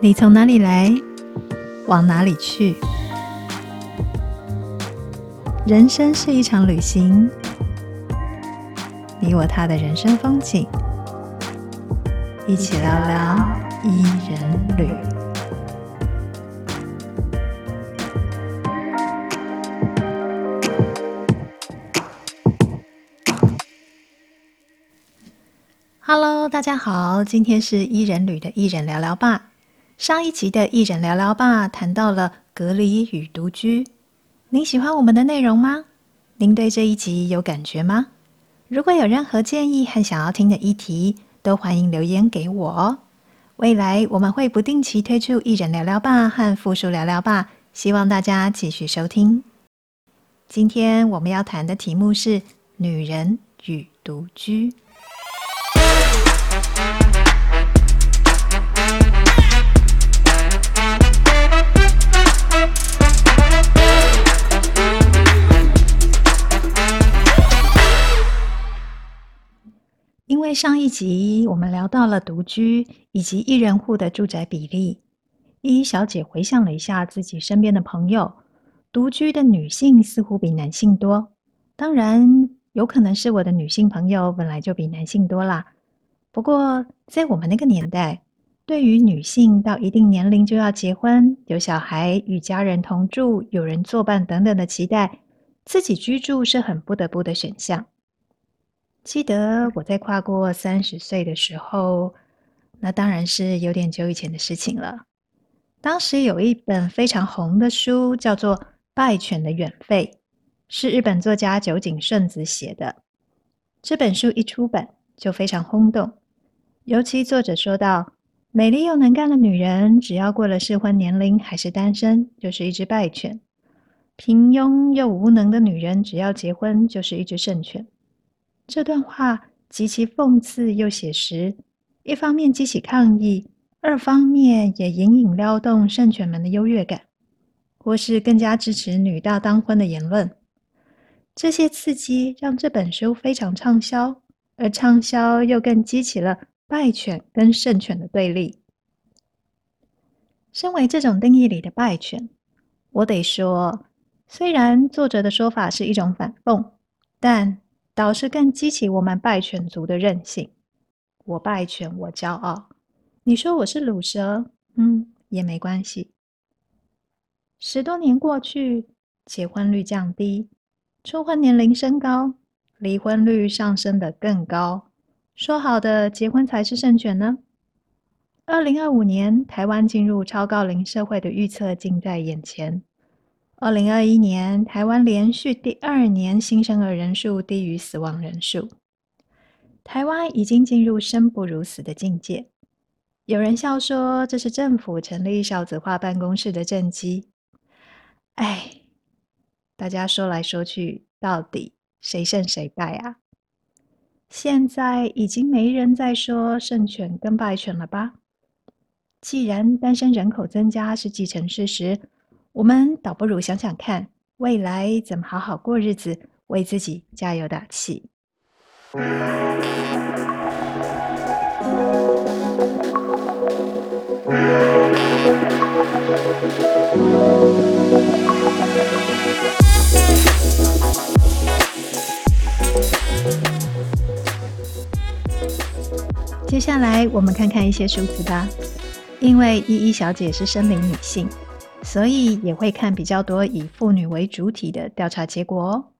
你從哪裡來，往哪裡去？人生是一場旅行，你我他的人生風景，一起聊聊伊人旅。Hello，大家好，今天是伊人旅的伊人聊聊吧。上一集的伊人聊聊吧談到了隔離與獨居。您喜歡我們的內容嗎？您對這一集有感覺嗎？如果有任何建議和想要聽的議題，都歡迎留言給我哦。未來我們會不定期推出伊人聊聊吧和富叔聊聊吧，希望大家繼續收聽。今天我們要談的題目是女人與獨居。上一集我們聊到了獨居以及一人戶的住宅比例。伊伊小姐回想了一下自己身邊的朋友，獨居的女性似乎比男性多。當然，有可能是我的女性朋友本來就比男性多啦。不過，在我們那個年代，對於女性到一定年齡就要結婚、有小孩、與家人同住、有人作伴等等的期待，自己居住是很不得不的選項。記得我在跨過三十歲的時候，那當然是有點久以前的事情了。當時有一本非常紅的書，叫做《敗犬的遠吠》，是日本作家酒井順子寫的。這本書一出版就非常轟動，尤其作者說道：「美麗又能幹的女人，只要過了適婚年齡還是單身，就是一隻敗犬；平庸又無能的女人，只要結婚就是一隻勝犬。」這段話極其諷刺又寫實，一方面激起抗議，二方面也隱隱撩動勝犬們的優越感，或是更加支持女大當婚的言論。這些刺激讓這本書非常暢銷，而暢銷又更激起了敗犬跟聖犬的對立。身為這種定義裡的敗犬，我得說，雖然作者的說法是一種反諷，但。倒是更激起我們敗犬族的韌性。我敗犬，我驕傲。你說我是魯蛇，嗯，也沒關係。十多年過去，結婚率降低，初婚年齡升高，離婚率上升得更高。說好的結婚才是勝犬呢？二零二五年，台灣進入超高齡社會的預測近在眼前。二零二一年，台灣連續第二年新生兒人數，低於死亡人數，台灣已經進入生不如死的境界。有人笑說，這是政府成立少子化辦公室的政績。唉，大家說來說去，到底誰勝誰敗啊？現在已經沒人再說勝犬跟敗犬了吧？既然單身人口增加是既成事實。我們倒不如想想看，未來怎麼好好過日子，為自己加油打氣。嗯、接下來，我們看看一些數字吧，因為依依小姐是生理女性。所以也會看比較多以婦女為主體的調查結果哦。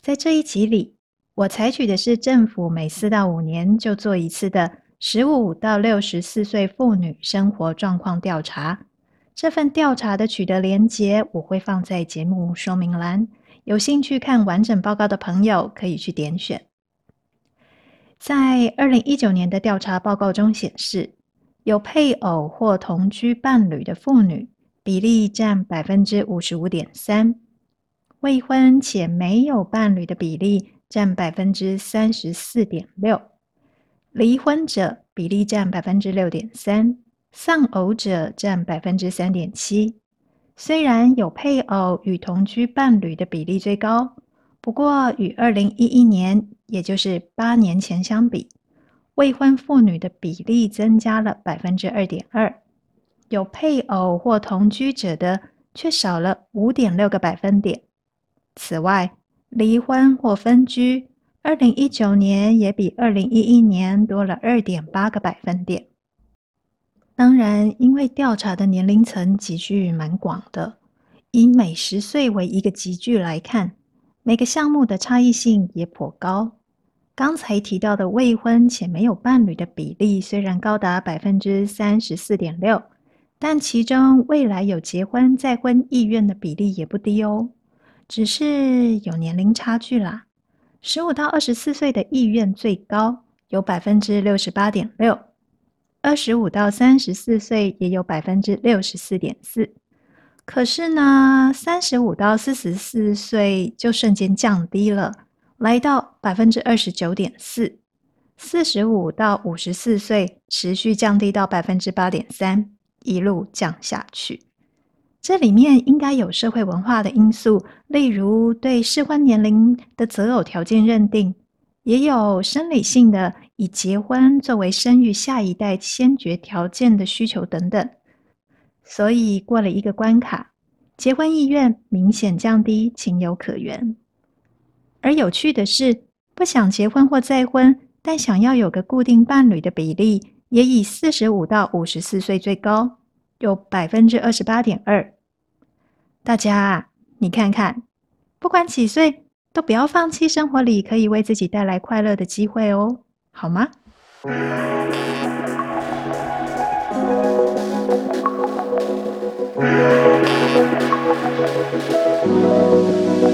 在這一集裡，我採取的是政府每四到五年就做一次的十五到六十四歲婦女生活狀況調查。這份調查的取得連結，我會放在節目說明欄，有興趣看完整報告的朋友可以去點選。在二零一九年的調查報告中顯示，有配偶或同居伴侶的婦女，比例占百分之五十五點三，未婚且沒有伴侶的比例占百分之三十四點六，離婚者比例占百分之六點三，喪偶者占百分之三點七。雖然有配偶與同居伴侶的比例最高，不過與二零一一年，也就是八年前相比，未婚婦女的比例增加了百分之二點二。有配偶或同居者的卻少了五點六個百分點。此外，離婚或分居，二零一九年也比二零一一年多了二點八個百分點。當然，因為調查的年齡層級距蠻廣的，以每十歲為一個級距來看，每個項目的差異性也頗高。剛才提到的未婚且沒有伴侶的比例，雖然高達百分之三十四點六。但其中未來有結婚再婚意願的比例也不低哦，只是有年齡差距啦。十五到二十四歲的意願最高有，有百分之六十八點六；二十五到三十四歲也有百分之六十四點四。可是呢，三十五到四十四歲就瞬間降低了，來到百分之二十九點四；四十五到五十四歲持續降低到百分之八點三。一路降下去，這裡面應該有社會文化的因素，例如對適婚年齡的擇偶條件認定，也有生理性的以結婚作為生育下一代先決條件的需求等等。所以過了一個關卡，結婚意願明顯降低，情有可原。而有趣的是，不想結婚或再婚，但想要有個固定伴侶的比例。也以四十五到五十四歲最高，有百分之二十八點二。大家啊，你看看，不管幾歲，都不要放棄生活裡可以為自己帶來快樂的機會哦，好嗎？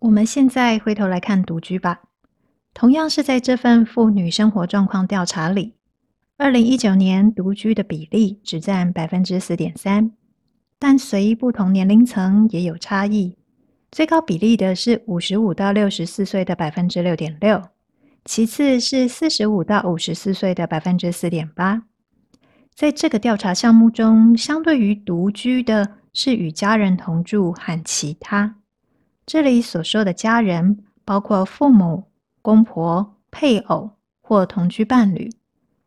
我們現在回頭來看獨居吧。同樣是在這份婦女生活狀況調查裡，二零一九年獨居的比例只佔百分之四點三，但隨不同年齡層也有差異。最高比例的是五十五到六十四歲的百分之六點六，其次是四十五到五十四歲的百分之四點八。在這個調查項目中，相對於獨居的是與家人同住和其他。這裡所說的家人，包括父母、公婆、配偶或同居伴侶、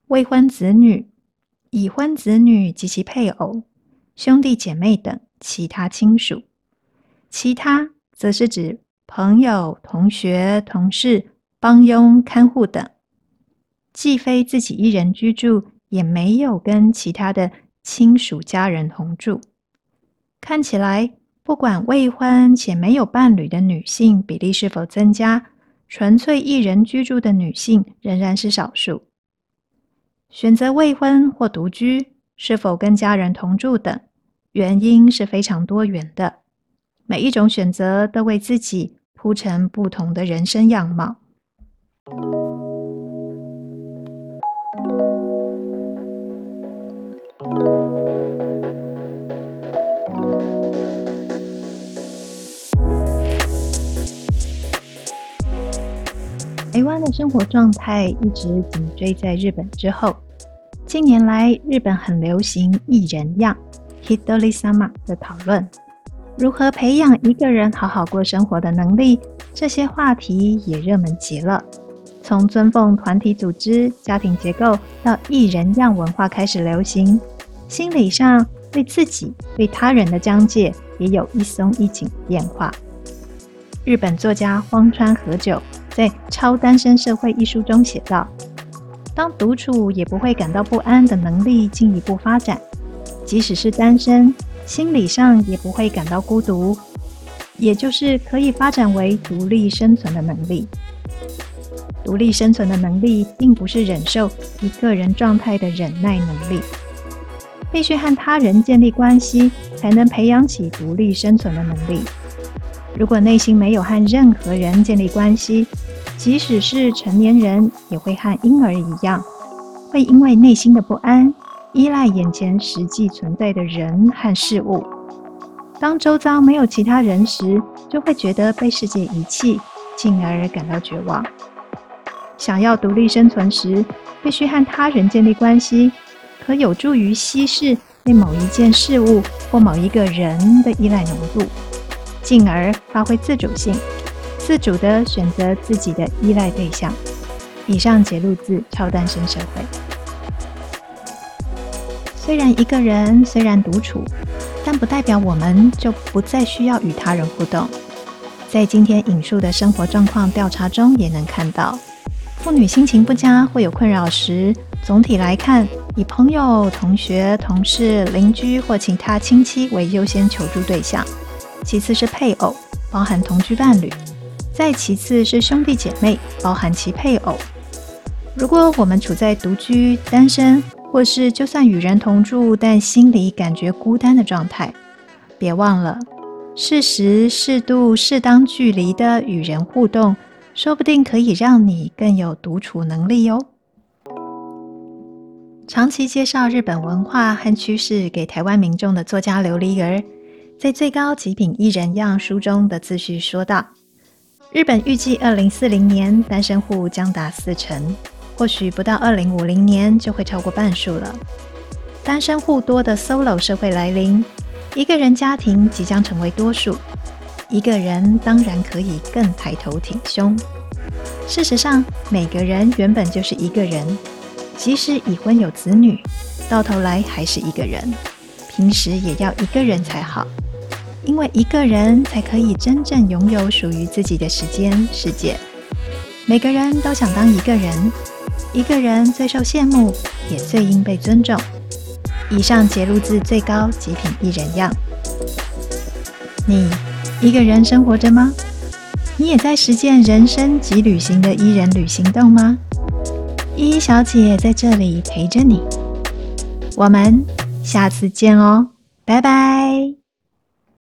未婚子女、已婚子女及其配偶、兄弟姐妹等其他親屬。其他則是指朋友、同學、同事、幫傭、看護等，既非自己一人居住，也沒有跟其他的親屬家人同住。看起來。不管未婚且沒有伴侶的女性比例是否增加，純粹一人居住的女性仍然是少數。選擇未婚或獨居，是否跟家人同住等，原因是非常多元的。每一種選擇都為自己鋪成不同的人生樣貌。台灣的生活狀態一直緊追在日本之後。近年來，日本很流行“一人樣”（ h i i l s a m a 的討論，如何培養一個人好好過生活的能力，這些話題也熱門極了。從尊奉團體組織、家庭結構到“一人樣”文化開始流行，心理上對自己、對他人的疆界也有一鬆一緊變化。日本作家荒川和久。對《超單身社會》一書中寫道：“當獨處也不會感到不安的能力進一步發展，即使是單身，心理上也不會感到孤獨，也就是可以發展為獨立生存的能力。獨立生存的能力並不是忍受一個人狀態的忍耐能力，必須和他人建立關係，才能培養起獨立生存的能力。如果內心沒有和任何人建立關係，”即使是成年人，也會和嬰兒一樣，會因為內心的不安，依賴眼前實際存在的人和事物。當周遭沒有其他人時，就會覺得被世界遺棄，進而感到絕望。想要獨立生存時，必須和他人建立關係，可有助於稀釋對某一件事物或某一個人的依賴濃度，進而發揮自主性。自主的選擇自己的依賴對象。以上節錄自《超單身社會》。雖然一個人雖然獨處，但不代表我們就不再需要與他人互動。在今天引述的生活狀況調查中也能看到，婦女心情不佳或有困擾時，總體來看，以朋友、同學、同事、鄰居或其他親戚為優先求助對象，其次是配偶，包含同居伴侶。再其次是兄弟姐妹，包含其配偶。如果我們處在獨居、單身，或是就算與人同住，但心裡感覺孤單的狀態，別忘了適時、適度、適當距離的與人互動，說不定可以讓你更有獨處能力喲、哦。長期介紹日本文化和趨勢給台灣民眾的作家劉黎兒，在最高極品一人樣書中的自序說道。日本預計二零四零年單身戶將達四成，或許不到二零五零年就會超過半數了。單身戶多的 solo 社會來臨，一個人家庭即將成為多數。一個人當然可以更抬頭挺胸。事實上，每個人原本就是一個人，即使已婚有子女，到頭來還是一個人。平時也要一個人才好。因為一個人才可以真正擁有屬於自己的時間世界。每個人都想當一個人，一個人最受羨慕，也最應被尊重。以上節錄自《最高極品一人樣》你。你一個人生活着嗎？你也在實踐人生及旅行的“伊人旅行動”嗎？伊伊小姐在這裡陪着你。我們下次見哦，拜拜。